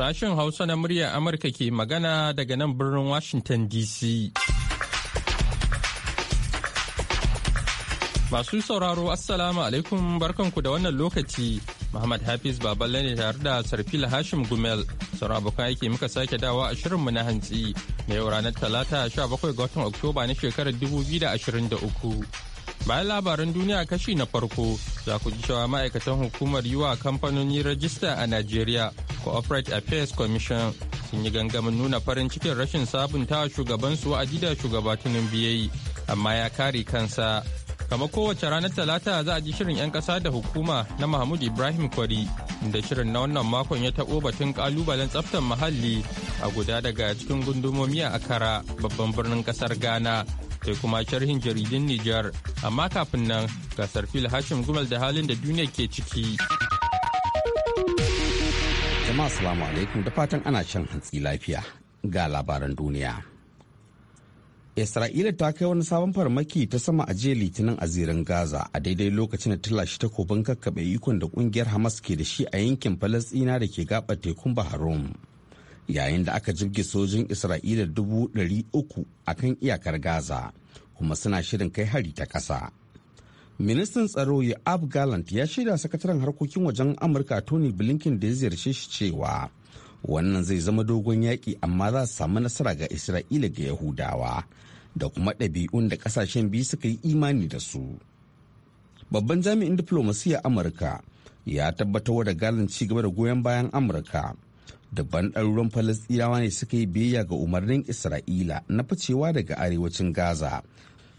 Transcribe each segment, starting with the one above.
Sashen Hausa na muryar Amurka ke magana daga nan birnin Washington DC. Masu sauraro Assalamu alaikum barkanku da wannan lokaci. Muhammad Hafiz Baballe ne tare da Sarfila Hashim Gumel. Sauran abokan aiki muka sake dawa a shirin mu na hantsi na yau ranar Talata 17 ga watan Oktoba na shekarar 2023. Bayan labaran duniya kashi na farko za ku ji cewa ma'aikatan hukumar yiwa kamfanoni rajista a Najeriya Corporate Affairs Commission sun yi gangamin nuna farin cikin rashin sabuntawa shugabansu a gida shugaba biyayi amma ya kare kansa. Kama kowace ranar Talata za a ji shirin 'yan kasa da hukuma na Mahmud Ibrahim Kwari da shirin na wannan makon ya taɓo batun kalubalen tsaftar muhalli a guda daga cikin gundumomi a Akara babban birnin ƙasar Ghana. sai kuma sharhin jaridin Nijar, amma kafin nan gasar fil Hashim Gumal da halin da duniya ke ciki. Jama'a salamu alaikum da fatan ana shan hantsi lafiya ga labaran duniya. Isra'ila ta kai wani sabon farmaki ta sama a jiya litinin a zirin Gaza a daidai lokacin da ta lashe takobin kakkaɓe ikon da ƙungiyar Hamas ke da shi a yankin Falasɗina da ke gaɓar tekun Bahrain. yayin da aka jirgi sojin isra'ila dubu ɗari uku a kan iyakar gaza kuma suna shirin kai hari ta ƙasa ministan tsaro ab gallant ya shaida sakataren harkokin wajen amurka tony blinken da ya ziyarce shi cewa wannan zai zama dogon yaki amma za su samu nasara ga isra'ila ga yahudawa da kuma ɗabi'un da ƙasashen biyu suka yi imani da su babban jami'in diflomasiyya amurka ya tabbatar da galan ci gaba da goyon bayan amurka dubban ɗaruran falasɗinawa ne suka yi biyayya ga umarnin isra'ila na ficewa daga arewacin gaza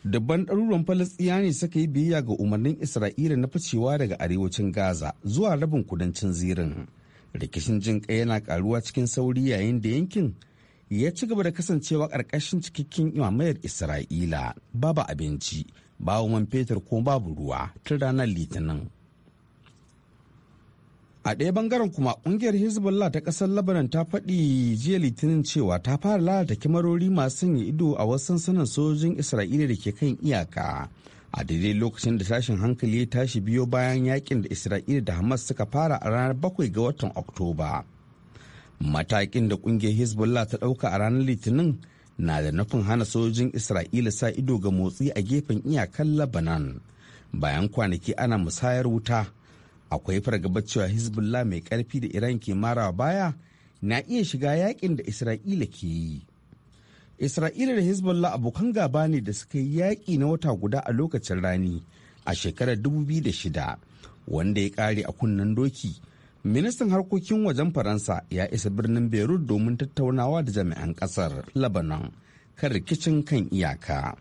dubban ɗaruran falasɗinawa ne suka yi biyayya ga umarnin isra'ila na ficewa daga arewacin gaza zuwa rabin kudancin zirin rikicin jin ƙai yana ƙaruwa cikin sauri yayin da yankin ya ci gaba da kasancewa ƙarƙashin cikakken imamayar isra'ila babu abinci babu man fetur ko babu ruwa tun ranar litinin a ɗaya bangaren kuma ƙungiyar hezbollah ta ƙasar Labanan ta faɗi jiya litinin cewa ta fara lalata kimarori masu sanya ido a wasu sansanin sojojin isra'ila da ke kan iyaka a daidai lokacin da tashin hankali ya tashi biyo bayan yakin da isra'ila da hamas suka fara a ranar bakwai ga watan oktoba matakin da ƙungiyar hezbollah ta ɗauka a ranar litinin na da nufin hana sojojin isra'ila sa ido ga motsi a gefen iyakar Labanan. bayan kwanaki ana musayar wuta akwai fargabar cewa hezbollah mai karfi da iran ke marawa baya na iya shiga yakin da isra'ila ke yi isra'ila da hezbollah abokan gaba ne da suka yi yaƙi na wata guda a lokacin rani a shekarar 2006 wanda ya ƙare a kunnen doki ministan harkokin wajen faransa ya isa birnin beirut domin tattaunawa da jami'an ƙasar lebanon kan rikicin kan iyaka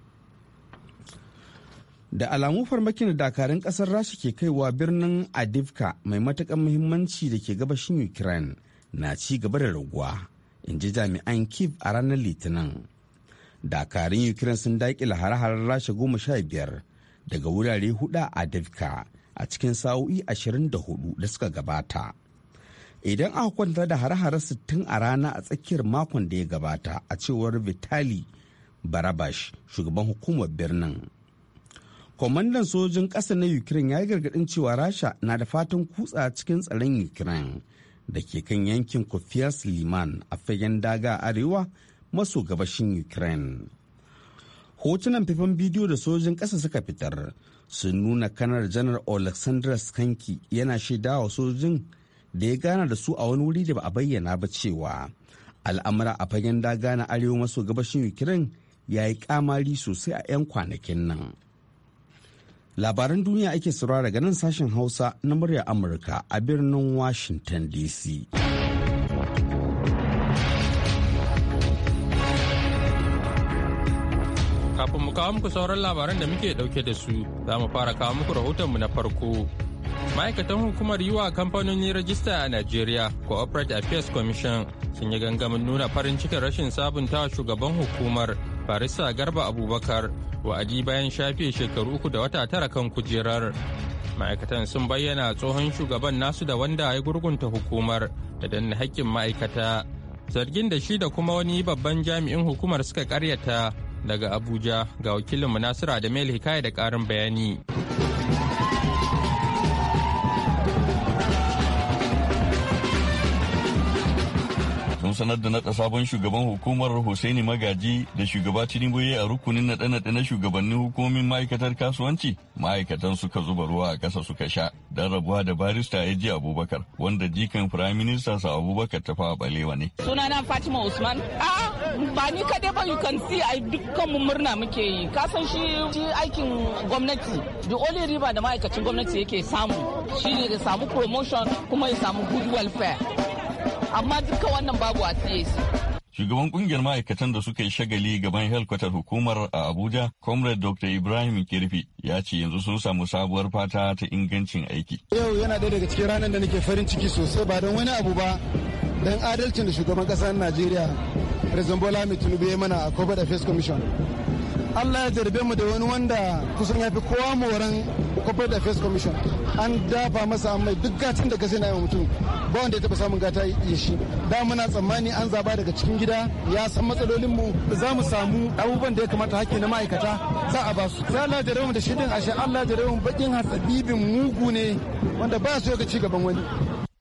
da alamu farmakin da dakarun kasar rasha ke kaiwa birnin adivka mai matakan muhimmanci da ke gabashin ukraine na ci gaba da raguwa in ji jami'an kiv a ranar litinin dakarun ukraine sun daƙila hare harar rasha goma sha biyar daga wurare huda a adivka a cikin sa'o'i ashirin da hudu da suka gabata idan aka kwanta da hare-hare sittin a rana a tsakiyar makon da ya gabata a cewar vitali barabash shugaban hukumar birnin kwamandan sojin ƙasa na ukraine ya yi gargaɗin cewa rasha na da fatan kutsa cikin tsaron ukraine da ke kan yankin kofiyas liman a fagen daga arewa maso gabashin ukraine hotunan faifan bidiyo da sojin ƙasa suka fitar sun nuna kanar janar alexander skanki yana shaida wa sojin da ya gana da su a wani wuri da ba a bayyana ba cewa al'amura a fagen daga na arewa maso gabashin ukraine ya yi kamari sosai a 'yan kwanakin nan. Labaran duniya ake saurara daga nan sashen Hausa na muryar Amurka a birnin Washington DC. Kafin mu kawo muku sauran labaran da muke dauke da su, za mu fara kawo muku rahotonmu na farko. Ma'aikatan hukumar yiwa kamfanoni rajista a Najeriya, Corporate Affairs Commission, sun yi gangamin nuna farin cikin rashin sabuntawa shugaban hukumar Farisa Garba Abubakar wa'adi bayan shafe shekaru uku da wata tara kan kujerar ma'aikatan sun bayyana tsohon shugaban nasu da wanda ya gurgunta hukumar da danna hakkin ma'aikata zargin da shi da kuma wani babban jami'in hukumar suka karyata daga abuja ga wakilin nasiru da mail hikaya da ƙarin bayani sanar da naɗa sabon shugaban hukumar Hussaini Magaji da shugaba Tinubu a rukunin naɗe-naɗe na shugabannin hukumomin ma'aikatar kasuwanci, ma'aikatan suka zuba ruwa a ƙasa suka sha don rabuwa da barista ya ji Abubakar wanda jikan Firayim Minista sa Abubakar ta fawa balewa ne. Sunana Fatima Usman. A'a ba ni kaɗai ba you can see ai dukkanmu murna muke yi. Ka san shi aikin gwamnati. The only riba da ma'aikacin gwamnati yake samu shine da samu promotion kuma ya samu good welfare. amma duka wannan babu a su. Shugaban kungiyar ma'aikatan da suka yi shagali gaban helkwatar hukumar a Abuja, Comrade Dr. Ibrahim Kirfi ya ce yanzu sun samu sabuwar fata ta ingancin aiki. Yau yana ɗaya daga cikin ranar da nake farin ciki sosai ba don wani abu ba don adalcin da shugaban ƙasar Najeriya, President Bola Tinubu ya mana a Corporate Affairs Commission. Allah ya jarbe mu da wani wanda kusan ya fi kowa moran corporate affairs commission an dafa masa mai duk gatan da gasi na yi mutum ba wanda ya taba samun gata ya shi da muna tsammani an zaba daga cikin gida ya san matsalolin mu za mu samu abubuwan da ya kamata hakki na ma'aikata za a ba su za Allah jarabe mu da shidin ashe Allah jarabe mu bakin hatsabibin mugu ne wanda ba su ga ci gaban wani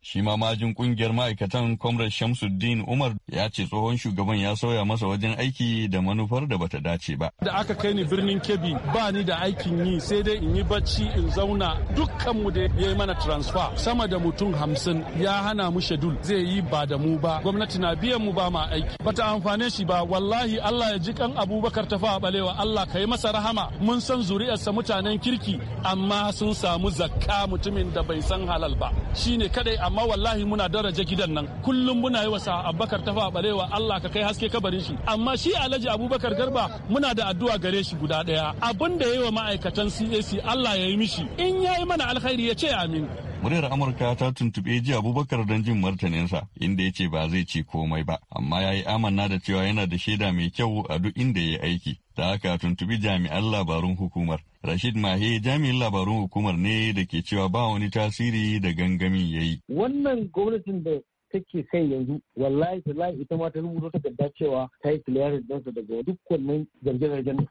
Shi ma majin kungiyar ma'aikatan Comrade Shamsuddin Umar ya ce tsohon shugaban ya sauya masa wajen aiki da manufar da bata dace ba. Da aka kai ni birnin Kebbi ba ni da aikin yi sai dai in yi bacci in zauna dukkanmu da ya yi mana transfer sama da mutum hamsin ya hana mu shedul zai yi ba da mu ba gwamnati na biyan mu ba ma aiki bata amfane shi ba wallahi Allah ya ji kan Abubakar ta tafa balewa Allah ka yi masa rahama mun san zuri'arsa mutanen kirki amma sun samu zakka mutumin da bai san halal ba Shi ne kadai amma wallahi muna daraja gidan nan kullum muna yi wasa abubakar tafa barewa Allah ka kai haske kabarin shi amma shi alhaji abubakar garba muna da addu'a gare shi guda daya abin da yi wa ma'aikatan CAC Allah ya yi mishi in ya yi mana alkhairi ya ce amin Muryar Amurka ta tuntuɓe ji Abubakar don jin martaninsa inda ya ce ba zai ci komai ba, amma ya yi amanna da cewa yana da shaida mai kyau a duk inda ya yi aiki. Ta haka tuntuɓi jami'an labarun hukumar. Rashid Mahe jami'in labarun hukumar ne da ke cewa ba wani tasiri da gangamin ya yi. Wannan gwamnatin da take kai yanzu wallahi tallahi ita ma ta rubuta takarda cewa ta yi clearance ɗansa daga duk wannan zarge-zargen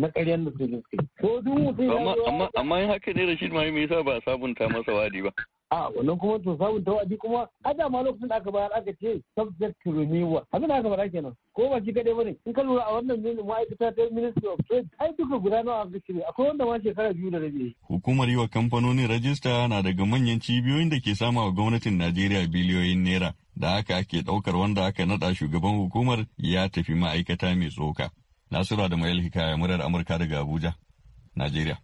na ƙaryar da sojin suka yi. duk mutum ya zo. Amma amma haka ne Rashid Mahim me yasa ba sabunta masa wadi ba. a wannan kuma to sabunta wa'adi kuma a ma lokacin da aka bayar aka ce subject to renewal abin da aka faɗa kenan ko ba shi kaɗai bane in ka lura a wannan ma'aikata ta ministry of trade ai duka guda nawa aka shirya akwai wanda ma shekara biyu da rabi hukumar yi wa kamfanonin rajista na daga manyan cibiyoyin da ke sama wa gwamnatin najeriya biliyoyin naira da haka ake ɗaukar wanda aka naɗa shugaban hukumar ya tafi ma'aikata mai tsoka Nasura da Mayel Hikaya murar Amurka daga Abuja, Najeriya.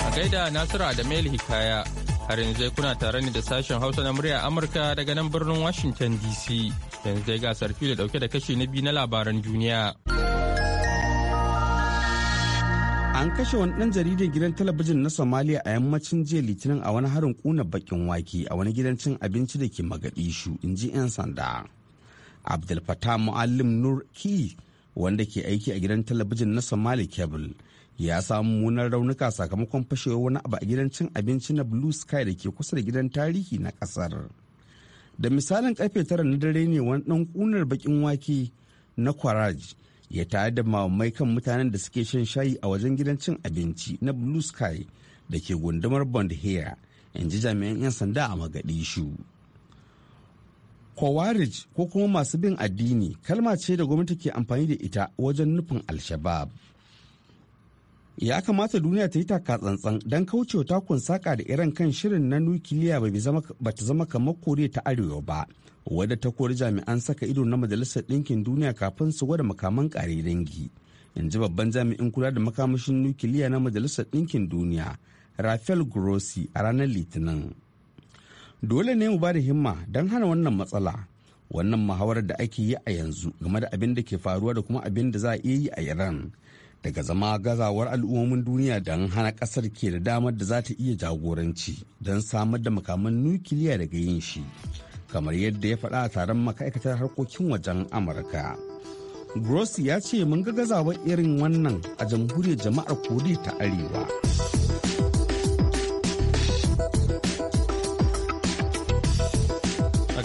A gaida Nasura da Mayel Hikaya har yanzu kuna tare ne da sashen Hausa na murya Amurka daga nan birnin Washington DC. Yanzu dai gasar fili dauke da kashi na biyu na labaran duniya. an kashe wani dan jaridar gidan talabijin na somalia a yammacin jiya litinin a wani harin kuna bakin wake a wani gidan cin abinci da ke magadishu in ji 'yan sanda abdul fatah muallim nur ki wanda ke aiki a gidan talabijin na somali cable ya samu munar raunuka sakamakon fashewar wani abu a gidan cin abinci na blue sky da ke kusa da gidan tarihi na kasar da misalin karfe tara na dare ne wani ɗan kunar bakin wake na kwaraji ya tare da mamai kan mutanen da suke shan shayi a wajen gidan cin abinci na blue sky da ke gundumar bondhea in ji jami'an 'yan sanda a magadishu kowarij ko kuma masu bin addini kalma ce da gwamnati ke amfani da ita wajen nufin al-shabab ya kamata duniya ta yi taka tsantsan don kaucewa takun saka da iran kan shirin na nukiliya ba ta zama kamar koriya ta arewa ba wadda ta kori jami'an saka ido na majalisar ɗinkin duniya kafin su gwada makaman ƙare dangi in babban jami'in kula da makamashin nukiliya na majalisar ɗinkin duniya rafael grossi a ranar litinin dole ne mu ba da himma don hana wannan matsala wannan muhawarar da ake yi a yanzu game da abin da ke faruwa da kuma abin da za a iya yi a iran daga zama gazawar al'ummomin duniya don hana kasar ke da damar da za ta iya jagoranci don samar da makaman nukiliya daga yin shi kamar yadda ya faɗa a taron ma'aikatar harkokin wajen amurka gross ya ce mun ga gazawar irin wannan a jamhuriyar jama'ar koriya ta arewa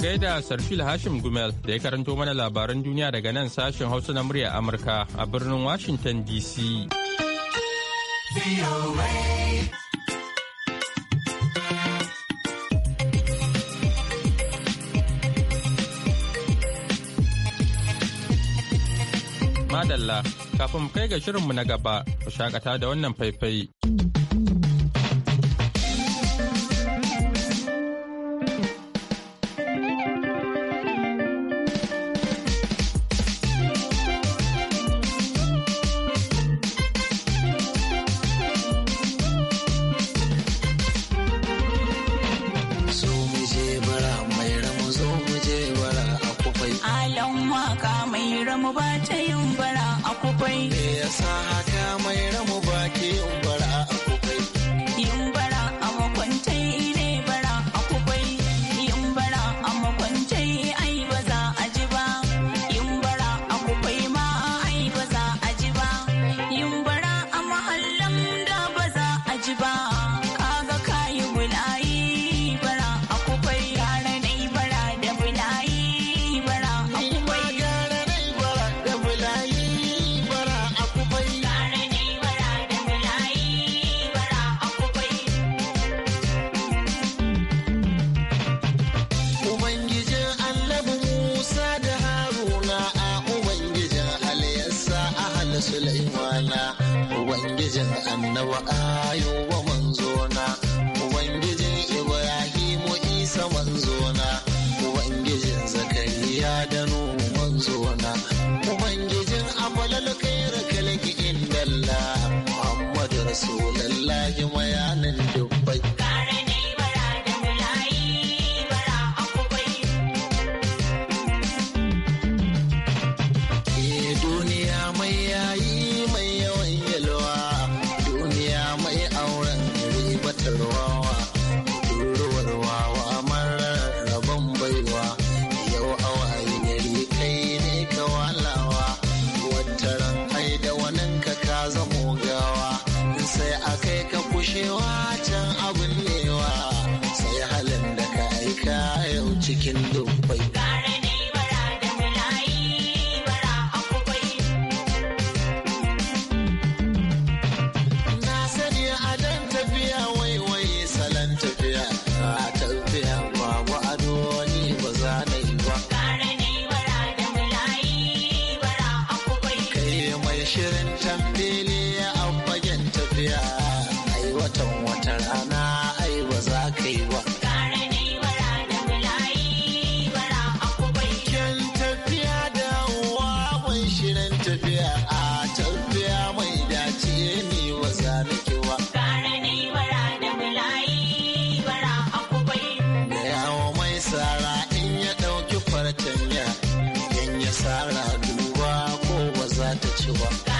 gai da Sarfil Hashim Gumel da ya karanto mana labaran duniya daga nan sashen Hausa na murya Amurka a birnin Washington DC. Madalla, kafin kai ga shirinmu na gaba, ku shakata da wannan faifai. ubangijin annabi ayuba manzona ubangijin ibrahimu isa manzona ubangijin zakariya da nuhu manzona ubangijin amalal kaira kalaki indallah muhammadu rasulallahi mayanin dubbai bushewa can abin newa sai halin da ka aika yau cikin dubbai. da kewa. ne bara da bulayi bara a kubai. Da yawo mai sara in ya ɗauki fartanya in ya sara duba ko ba za ta ci ba.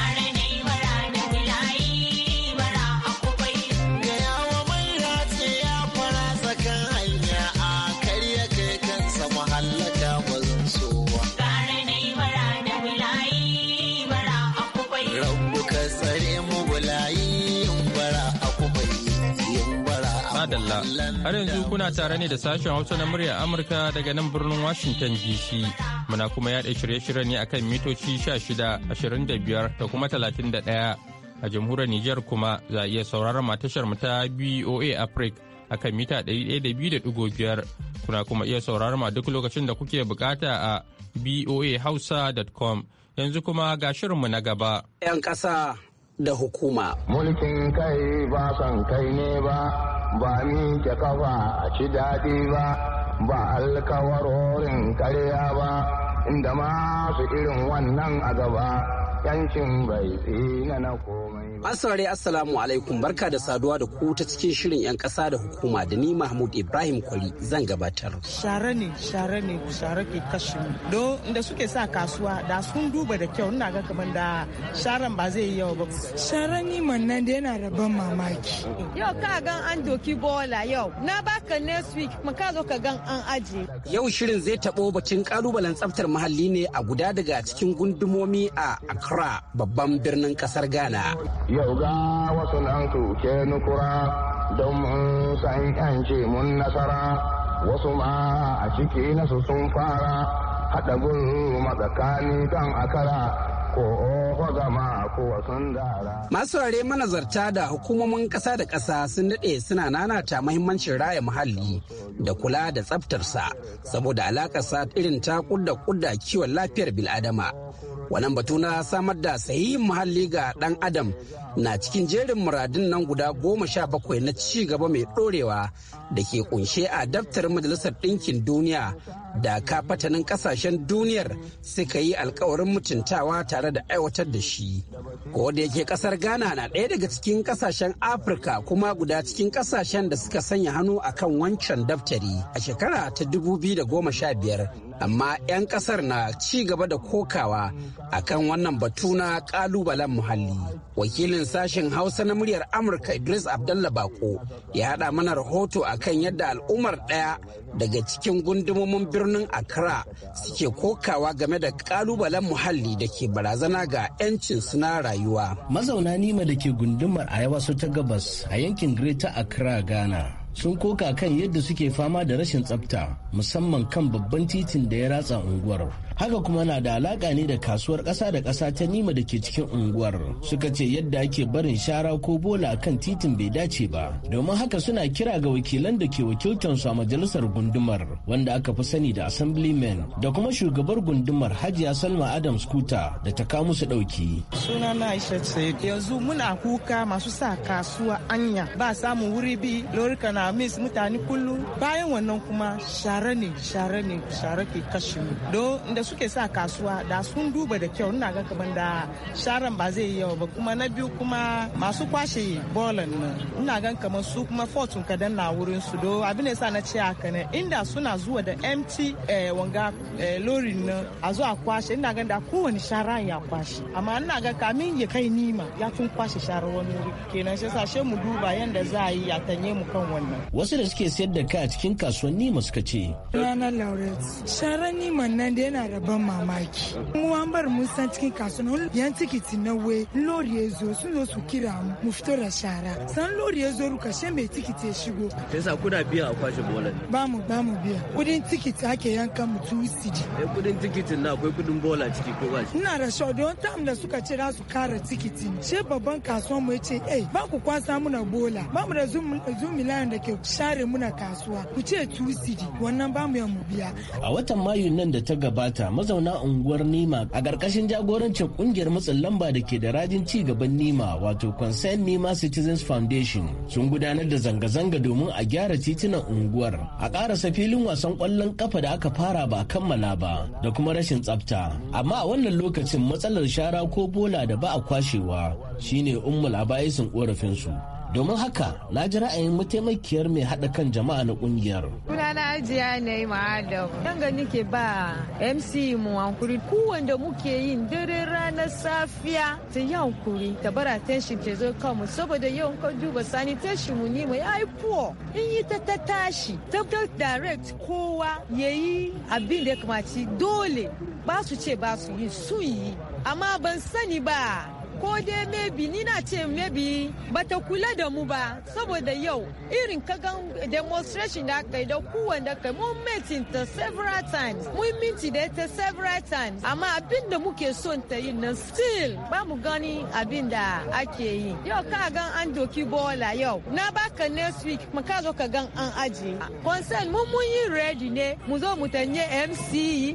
Har yanzu kuna tare ne da sashen Hausa na murya Amurka daga nan birnin Washington DC. Muna kuma yaɗa shirye-shiryen ne akan mitoci 16, 25 da kuma 31. A jamhuriyar Nijar kuma za a iya sauraron matashar mu ta BOA Africa akan mita 102.5. Kuna kuma iya sauraron ma duk lokacin da kuke bukata a boahausa.com. Yanzu kuma ga shirinmu na gaba. 'Yan ƙasa da hukuma. Mulkin kai ba san kai ne ba ba mi kafa a ci daɗi ba ba alkawarorin karya ba inda masu irin wannan a gaba yancin bai ina na komai ba. Asare Assalamu alaikum barka da saduwa da ku ta cikin shirin 'yan ƙasa da hukuma da ni Mahmud Ibrahim Kwari zan gabatar. Share ne, share ne, share ke kashe mu. Do da suke sa kasuwa da sun duba da kyau ina ga kamar da sharan ba zai yi yawa ba. Share ni nan da yana da ban mamaki. Yau ka gan an doki bola yau. Na baka next week mu ka zo ka gan an aje. Yau shirin zai taɓo batun ƙalubalen tsaftar muhalli ne a guda daga cikin gundumomi a Accra. accra babban birnin kasar ghana yau ga wasu nan nukura don mun san nasara wasu ciki nasu sun fara haɗa gulu matsakani kan akara Masu rare manazarta da hukumomin ƙasa da ƙasa sun daɗe suna nanata mahimmancin raya muhalli da kula da tsaftarsa saboda sa irin ta kudda kudda kiwon lafiyar biladama. wannan batu na samar da sahihin muhalli ga dan adam na cikin jerin muradun nan guda goma sha bakwai na ci gaba mai ɗorewa da ke kunshe a daftar majalisar ɗinkin duniya da kafatanin ƙasashen duniyar suka yi alkawarin mutuntawa tare da aiwatar da shi ko da yake ƙasar ghana na ɗaya daga cikin ƙasashen afirka kuma guda cikin ƙasashen da suka sanya hannu akan wancan daftari a shekara ta dubu biyu da goma sha biyar amma 'yan ƙasar na ci gaba da kokawa akan wannan batu na ƙalubalen muhalli wakilin shirin sashen hausa na muryar amurka idris abdalla bako ya haɗa mana rahoto akan yadda al'ummar ɗaya daga cikin gundumomin birnin accra suke kokawa game da ƙalubalen muhalli da ke barazana ga 'yancin suna rayuwa mazauna nima da ke gundumar a yawasu ta gabas a yankin greater accra ghana sun koka kan yadda suke fama da rashin tsafta musamman kan babban titin da ya ratsa unguwar haka kuma na da alaka ne da kasuwar ƙasa da ƙasa ta nima da ke cikin unguwar suka ce yadda ake barin shara ko bola kan titin bai dace ba domin haka suna kira ga wakilan da ke su a majalisar gundumar wanda aka fi sani da assemblyman da kuma shugabar gundumar hajiya salma adams kuta da ta kawo musu ɗauki. suna na aisha yanzu muna kuka masu sa kasuwa anya ba samun wuri bi lorika na mis mutane kullum bayan wannan kuma share ne share ne share ke kashe mu da suke sa kasuwa da sun duba da kyau ina ga kaman da sharan ba zai yi yawa ba kuma na biyu kuma masu kwashe bolan nan ina gan kaman su kuma fortune kadan na wurin su do abin da sa na ce haka ne inda suna zuwa da empty eh, wanga eh, lorin nan a zuwa kwashe ina gan da kowane shara ya kwashe amma ina ga kamin ya kai nima ya tun kwashe shara wani wuri kenan sai sashe mu duba yanda za a yi ya tanye mu kan wannan wasu da suke sayar da kai a cikin kasuwanni ma suka ce ranar lauret sharan niman nan da yana da ban mamaki mu an bar mun san cikin kasuwa yan tikiti na we lori ya zo sun zo su kira mu mu fito da shara san lori ya zo ruka she mai tikiti ya shigo yasa kuna biya a kwashe bola ba mu ba mu biya kudin tikiti ake yanka mu tu siji eh kudin tikitin na akwai kudin bola ciki ko ba shi ina da shau don tam da suka ce za su kara tikiti she babban kasuwa mu yace eh ba ku kwasa muna bola ba mu da zumilayan da ke share muna kasuwa ku ce tu siji wannan ba mu ya mu biya a watan mayu nan da ta gabata mazauna unguwar Nima a ƙarƙashin jagorancin ƙungiyar matsin lamba da ke da rajin ci gaban Nima wato Concern Nima Citizens Foundation sun gudanar da zanga-zanga domin a gyara titunan unguwar a ƙarasa filin wasan ƙwallon ƙafa da aka fara ba kammala ba da kuma rashin tsafta amma a wannan lokacin matsalar shara ko bola da ba a kwashewa shine ummul ƙorafin su. domin haka na ji ra'ayin mataimakiyar mai haɗa kan jama'a na ƙungiyar. na ajiya na yi ma'adam yan gani ke ba mc mu hankuri kuwan da muke yin dare ranar safiya ta yi hankuri ta bara tension ke zo kanmu saboda yau ka duba sani tashi mu nima ya yi puwa in yi ta ta tashi ta direct kowa ya yi abin da ya kamaci dole ba su ce ba su yi su yi amma ban sani ba ko dai maybe ni na ce maybe bata kula da mu ba saboda yau irin kaga demonstration da aka da kowanne da kai mun meeting ta several times mun minti da ta several times amma abin da muke son ta yi na still ba mu gani abin da ake yi yau ka gan an doki bola yau na baka next week mu ka zo ka gan an aji concern mun mun yi ready ne mu zo mu tanye mc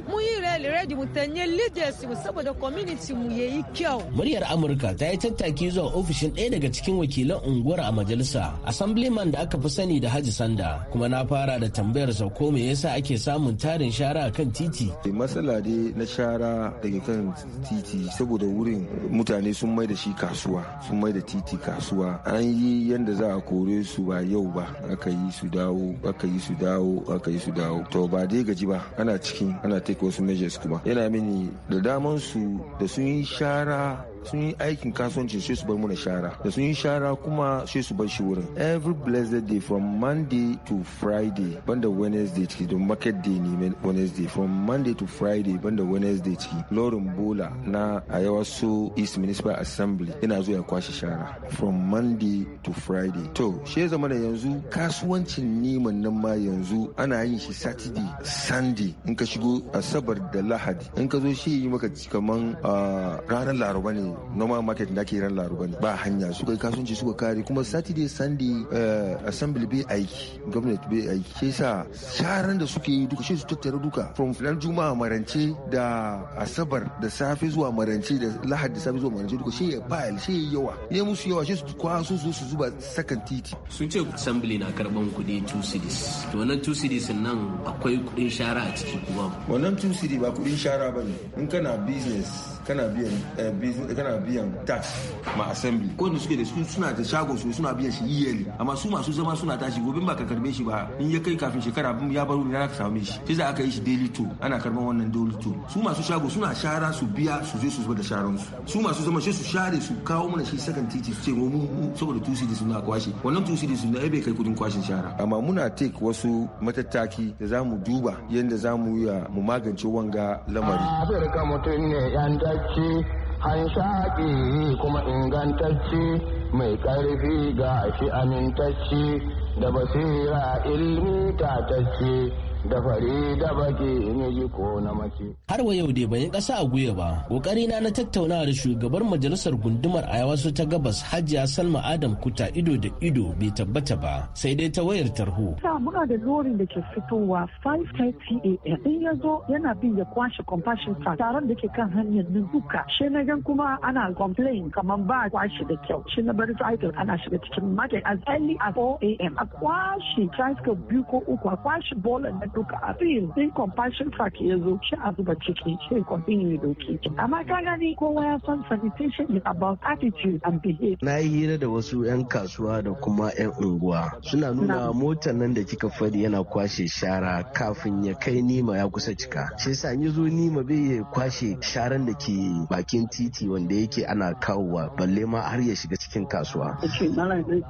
mun yi ready mu tanye leaders mu saboda community mu yayi kyau muryar amurka amurka ta yi tattaki zuwa ofishin ɗaya daga cikin wakilan unguwar a majalisa assemblyman da aka fi sani da haji sanda kuma na fara da tambayar sa ko me yasa ake samun tarin shara a kan titi eh, matsala dai na shara daga kan titi saboda wurin mutane sun mai da shi kasuwa sun mai da titi kasuwa an yi yadda za a kore su ba yau ba aka yi su dawo aka yi su dawo aka yi su dawo to ba dai gaji ba ana cikin ana take wasu measures kuma yana mini da daman su da sun yi shara sun yi aikin kasuwanci sai su bar muna shara da sun yi shara kuma sai su bar shi wurin every blessed day from monday to friday banda wednesday ciki don market day ne wednesday from monday to friday banda wednesday ciki lorin bola na ayawaso east municipal assembly yana zuwa ya kwashe shara from monday to friday to shi zama da yanzu kasuwancin neman nan ma yanzu ana yin shi saturday sunday in ka shigo asabar da lahadi in ka zo shi yi maka kaman ah, ranar laraba ne normal market da ake ran laruba ne ba hanya suka yi kasuwanci suka kare kuma saturday sunday eh, assembly bai aiki government bai aiki Ke sa sharan da suke yi duka shi su tattara duka from filan juma'a marance da asabar da safe zuwa marance da lahadi da safe zuwa marance duka shi ya bayal shi ya yawa ne musu yawa shi su kwaso su su zuba sakan titi sun ce assembly na karban kuɗi two cities to wannan two cities nan akwai kuɗin shara a ciki kuma wannan two cities ba kuɗin shara ba ne in kana business kana biyan eh, kana biyan tax ma assembly ko da suke da su suna da shago su suna biyan shi yearly amma su masu zama suna tashi gobe ba ka karbe shi ba in ya kai kafin shekara ya baro ne ka same shi sai za aka yi shi daily to ana karban wannan daily to su masu shago suna shara su biya su je su zuba da sharan su su masu zama sai su share su kawo mana shi second titi su ce mu saboda tusi da suna kwashe wannan tusi da suna ai bai kai kudin kwashin shara amma muna take wasu matattaki da zamu duba yadda zamu yi ah, mu magance wanga lamari ah, ne yan tabbatacce hanshaƙi kuma ingantacce mai ƙarfi ga shi amintacce da basira ilmi tatacce da fari da baki in ji ko na mace. Har wa yau dai ban yi ƙasa a guya ba. kokari na na tattaunawa da shugabar majalisar gundumar Ayawasu ta gabas Hajiya Salma Adam Kuta ido da ido bai tabbata ba sai dai ta wayar tarho. Sa muna da lorin da ke fitowa 5:30 a.m. In ya zo yana bin ya kwashe compassion sa taron da ke kan hanyar nan duka. She na gan kuma ana complain kaman ba kwashe da kyau. Shi na bari cycle ana shiga cikin market as early as 4 a.m. A kwashe tricycle biyu ko uku a kwashe bolan duka abin din compassion track ya zo shi a zuba ciki shi continue doki amma ka gani kowa ya san sanitation is about attitude and behavior na yi hira da wasu 'yan kasuwa da kuma 'yan unguwa suna nuna motar nan da kika fadi yana kwashe shara kafin ya kai nima ya kusa cika shi yasa yi zo nima bai ya kwashe sharan da ke bakin titi wanda yake ana kawowa balle ma har ya shiga cikin kasuwa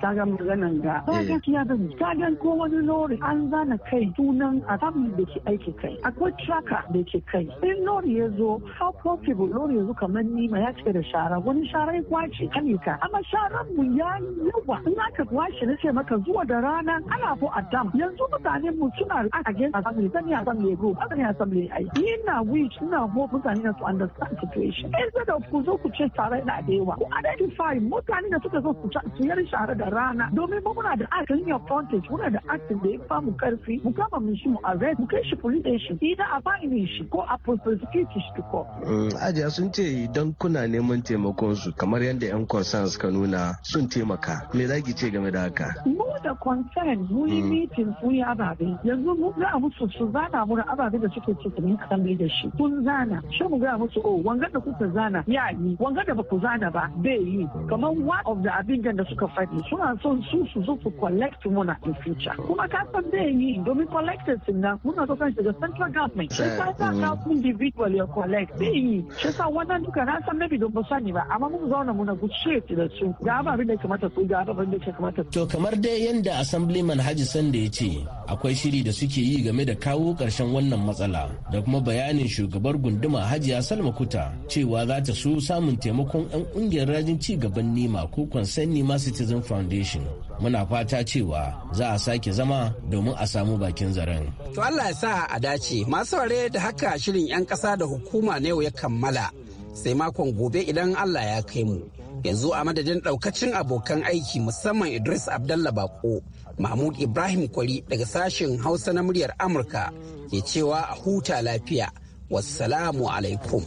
kaga maganan ga kaga eh. kiya da kaga ko wani lori an zana kai sunan a samu da ke aiki kai akwai traka da ke kai in lori ya zo how profitable lori ya zo kamar nima ya ce da shara wani shara ya kwace kanika amma sharan mu ya yawa in aka kwace na ce maka zuwa da rana ana fo dam. yanzu mutane mu suna a gen assembly zan yi group zan yi assembly ai ni na wish ina ho mutane na su understand situation instead of ku zo ku ce shara na da yawa ku identify mutane da suka zo su yari shara da rana domin ba muna da action your frontage muna da action da ya famu karfi mu kama mun shi mu arrest mu kai shi police shi idan a shi ko a prosecute shi mm, ajiya sun ce idan kuna neman taimakon su kamar yadda yan concern suka nuna sun taimaka me za ce game da haka. mu da concern mu yi mm. meeting mu yi ababe yanzu mu ga musu su zana mu ababe da suke cikin kamar kamar da shi Kun zana shi mu ga musu o oh, wanga da kuka zana ya yi wanga da ba zana ba bai yi kamar one of the abin da suka faɗi suna son su su zo su collect muna in future kuma ka bai yi domin collectors na nan muna so kan daga central government shi sa ta ka individual ya collect bai mm. shi sa wannan duka na san maybe don ba ba amma mun zauna muna guce da su ga abin da kamata su ga abin da kamata to kamar dai yanda assemblyman Haji Sande ya ce akwai shiri da suke yi game da kawo ƙarshen wannan matsala da kuma bayanin shugabar gunduma hajiya salma kuta cewa za ta so samun taimakon 'yan ƙungiyar rajin ci gaban nema ko concern nema citizen foundation muna fata cewa za a sake zama domin a samu bakin zaren. to allah ya sa a dace masu ware da haka shirin 'yan ƙasa da hukuma na yau ya kammala sai makon gobe idan allah ya kai mu yanzu a madadin ɗaukacin abokan aiki musamman idris abdallah bako mahmud ibrahim kwari daga sashen hausa na muryar amurka ke cewa a huta lafiya wassalamu alaikum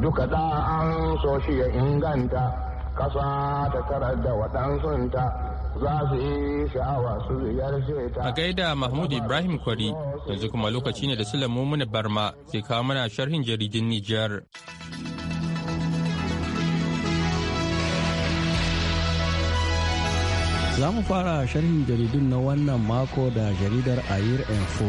duka da an so shi ya inganta kasa ta tarar da waɗansunta za su yi sha'awa su ziyarce ta a gaida mahmud ibrahim kwari yanzu kuma lokaci ne da sulamu barma ke kawo mana sharhin jaridin nijar. Za mu fara sharhin jaridun na wannan mako da jaridar Ayir Info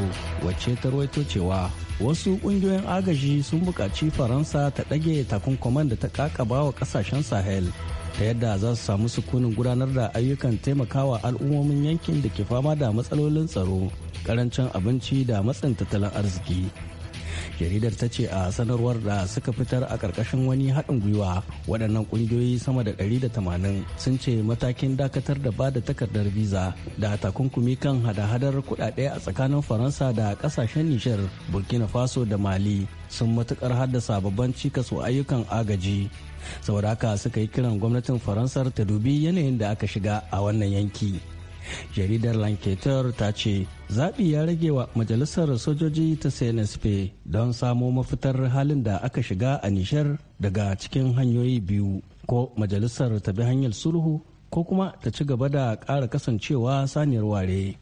wacce ta rawaito cewa wasu kungiyoyin agaji sun bukaci Faransa ta ɗage takunkuman da ta kakaba wa ƙasashen Sahel ta yadda za su samu sukunin gudanar da ayyukan taimakawa al'ummomin yankin da ke fama da matsalolin tsaro, karancin abinci da matsin tattalin arziki. jaridar ta ce a sanarwar da suka fitar a ƙarƙashin wani haɗin gwiwa waɗannan ƙungiyoyi sama da 180 sun ce matakin dakatar da bada takardar visa da takunkumi kan hada-hadar kuɗaɗe a tsakanin faransa da ƙasashen nishar burkina faso da mali sun matukar haddasa babban cikas ayyukan agaji saboda haka suka yi kiran gwamnatin faransar ta dubi yanayin da aka shiga a wannan yanki jaridar lanketer ta ce zaɓi ya rage wa majalisar sojoji ta cnsp don samo mafitar halin da aka shiga a nishar daga cikin hanyoyi biyu ko majalisar ta bi hanyar sulhu ko kuma ta ci gaba da ƙara kasancewa saniyar ware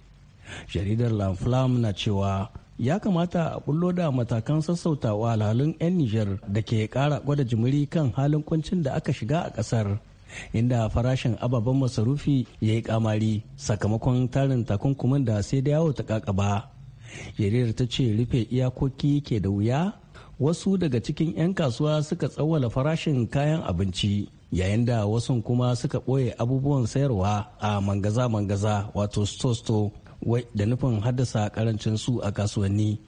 jaridar lanflam na cewa ya kamata a bullo da matakan sassautawa halin 'yan nijar da ke kara gwada jimiri kan halin kuncin da aka shiga a kasar. inda farashin ababen masarufi ya yi kamari sakamakon tarin takunkumin da sai da yawo ta kakaba jaridar ta ce rufe iyakoki ke da wuya wasu daga cikin 'yan kasuwa suka tsawwala farashin kayan abinci yayin da wasu kuma suka ɓoye abubuwan sayarwa a mangaza-mangaza wato stosto sto da nufin haddasa karancin su a kasuwanni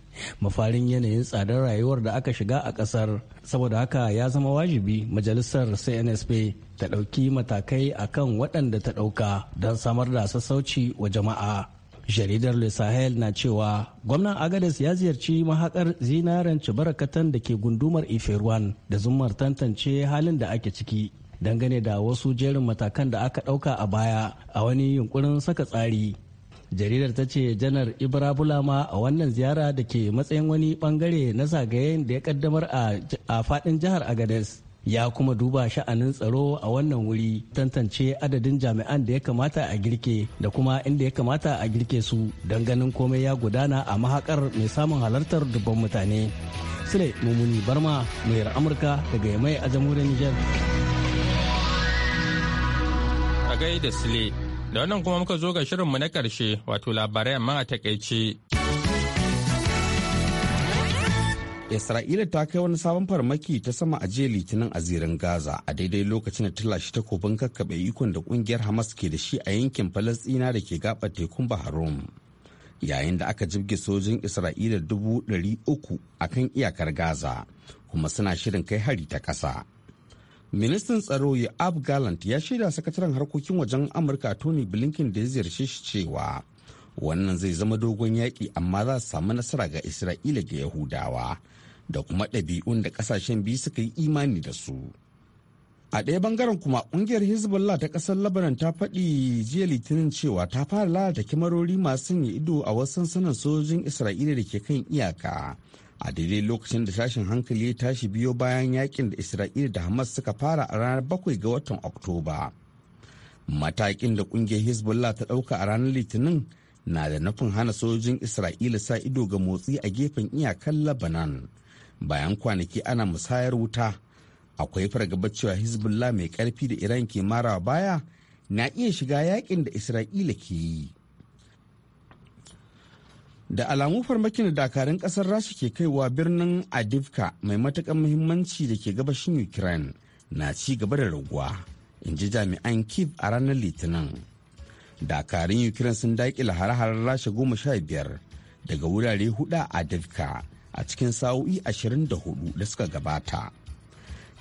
mafarin yanayin tsadar rayuwar da aka shiga a ƙasar saboda haka ya zama wajibi majalisar cnsp ta ɗauki matakai akan waɗanda ta ɗauka don samar da sassauci wa jama'a jaridar le sahel na cewa gwamnan agades ya ziyarci mahakar zinaren cibarakatan da ke gundumar iferuwan da zumar tantance halin da ake ciki dangane da wasu jerin matakan da aka ɗauka a baya a wani yunkurin saka tsari jaridar ta ce janar ibra bulama a wannan ziyara da ke matsayin wani bangare na zagayen da ya kaddamar a fadin jihar agades ya kuma duba sha'anin tsaro a wannan wuri tantance adadin jami'an da ya kamata a girke da kuma inda ya kamata a girke su don ganin komai ya gudana a mahakar mai samun halartar dubban mutane sule mummuni barma muryar amurka daga yamai a jamhuriyar niger a gaida sule Da wannan kuma muka zo ga shirinmu na ƙarshe wato labarai amma a takaice. Isra'ila ta kai wani sabon farmaki ta sama a jiya litinin a zirin Gaza a daidai lokacin da ta lashe takobin kakkaɓe ikon da kungiyar Hamas ke da shi a yankin Falasɗina da ke gaɓar tekun Bahrain. Yayin da aka jibge sojin Isra'ila dubu ɗari a kan iyakar Gaza kuma suna shirin kai hari ta ƙasa. ministan tsaro ab gallant ya shaida sakataren harkokin wajen amurka tony blinken da ya ziyarce shi cewa wannan zai zama dogon yaƙi amma za su samu nasara ga isra'ila ga yahudawa da kuma ɗabi'un da ƙasashen biyu suka yi imani da su a ɗaya bangaren kuma ƙungiyar hezbollah ta ƙasar labanan ta faɗi jiya litinin cewa ta fara lalata kimarori masu sanya ido a wasu sansanin sojojin isra'ila da ke kan iyaka a daidai lokacin da tashin hankali ya tashi biyo bayan yakin da isra'ila da hamas suka fara a ranar bakwai ga watan oktoba matakin da kungiyar hezbollah ta dauka a ranar litinin na da nufin hana sojojin isra'ila sa ido ga motsi a gefen iyakar labanan bayan kwanaki ana musayar wuta akwai fargabar cewa hezbollah mai karfi da iran ke mara baya na iya shiga yakin da isra'ila ke yi da alamu farmakin da dakarun kasar rasha ke kaiwa birnin adivka mai matakan muhimmanci da ke gabashin ukraine na ci gaba da raguwa in ji jami'an kiv a ranar litinin dakarun ukraine sun daƙila har harar rasha goma sha biyar daga wurare hudu a adivka a cikin sa'o'i ashirin da hudu da suka gabata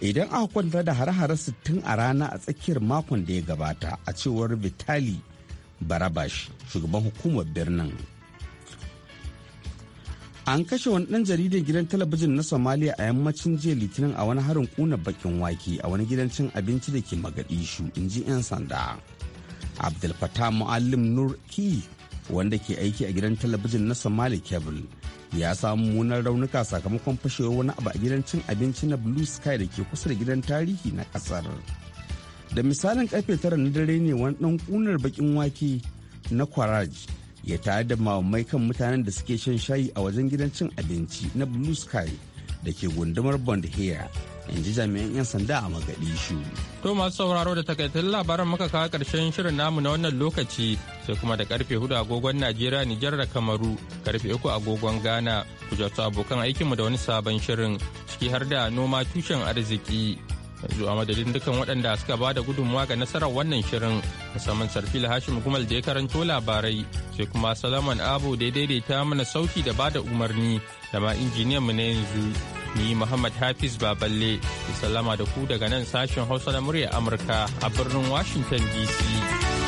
idan aka kwanta da har harar sittin a rana a tsakiyar makon da ya gabata a cewar vitali barabash shugaban hukumar birnin an kashe wani dan jaridar gidan talabijin na somalia a yammacin jiya litinin a wani harin kuna bakin wake a wani gidan cin abinci da ke magadishu in ji 'yan sanda abdul fatah muallim nur ki wanda ke aiki a gidan talabijin na somali cable ya samu munar raunuka sakamakon fashewar wani abu a gidan cin abinci na blue sky da ke kusa da gidan tarihi na kasar da misalin karfe tara na dare ne wani dan kunar bakin wake na kwaraj ya tare da mamamai kan mutanen da suke shan shayi a wajen gidan cin abinci na blue sky da ke gundumar bond here in ji jami'an 'yan sanda a magadishu. To masu sauraro da takaitattun labaran muka kawo karshen shirin namu na wannan lokaci sai kuma da karfe hudu agogon Najeriya Nijar da Kamaru karfe uku agogon Ghana ku abokan aikinmu da wani sabon shirin ciki har da noma tushen arziki. yanzu a madadin dukkan waɗanda suka ba da gudunmawa ga nasarar wannan shirin musamman sarfil hashim gumal da ya karanto labarai sai kuma salaman abu da ya daidaita mana sauki da ba da umarni da ma injiniyan mu na yanzu ni muhammad hafiz baballe da salama da ku daga nan sashen hausa na murya amurka a birnin washington dc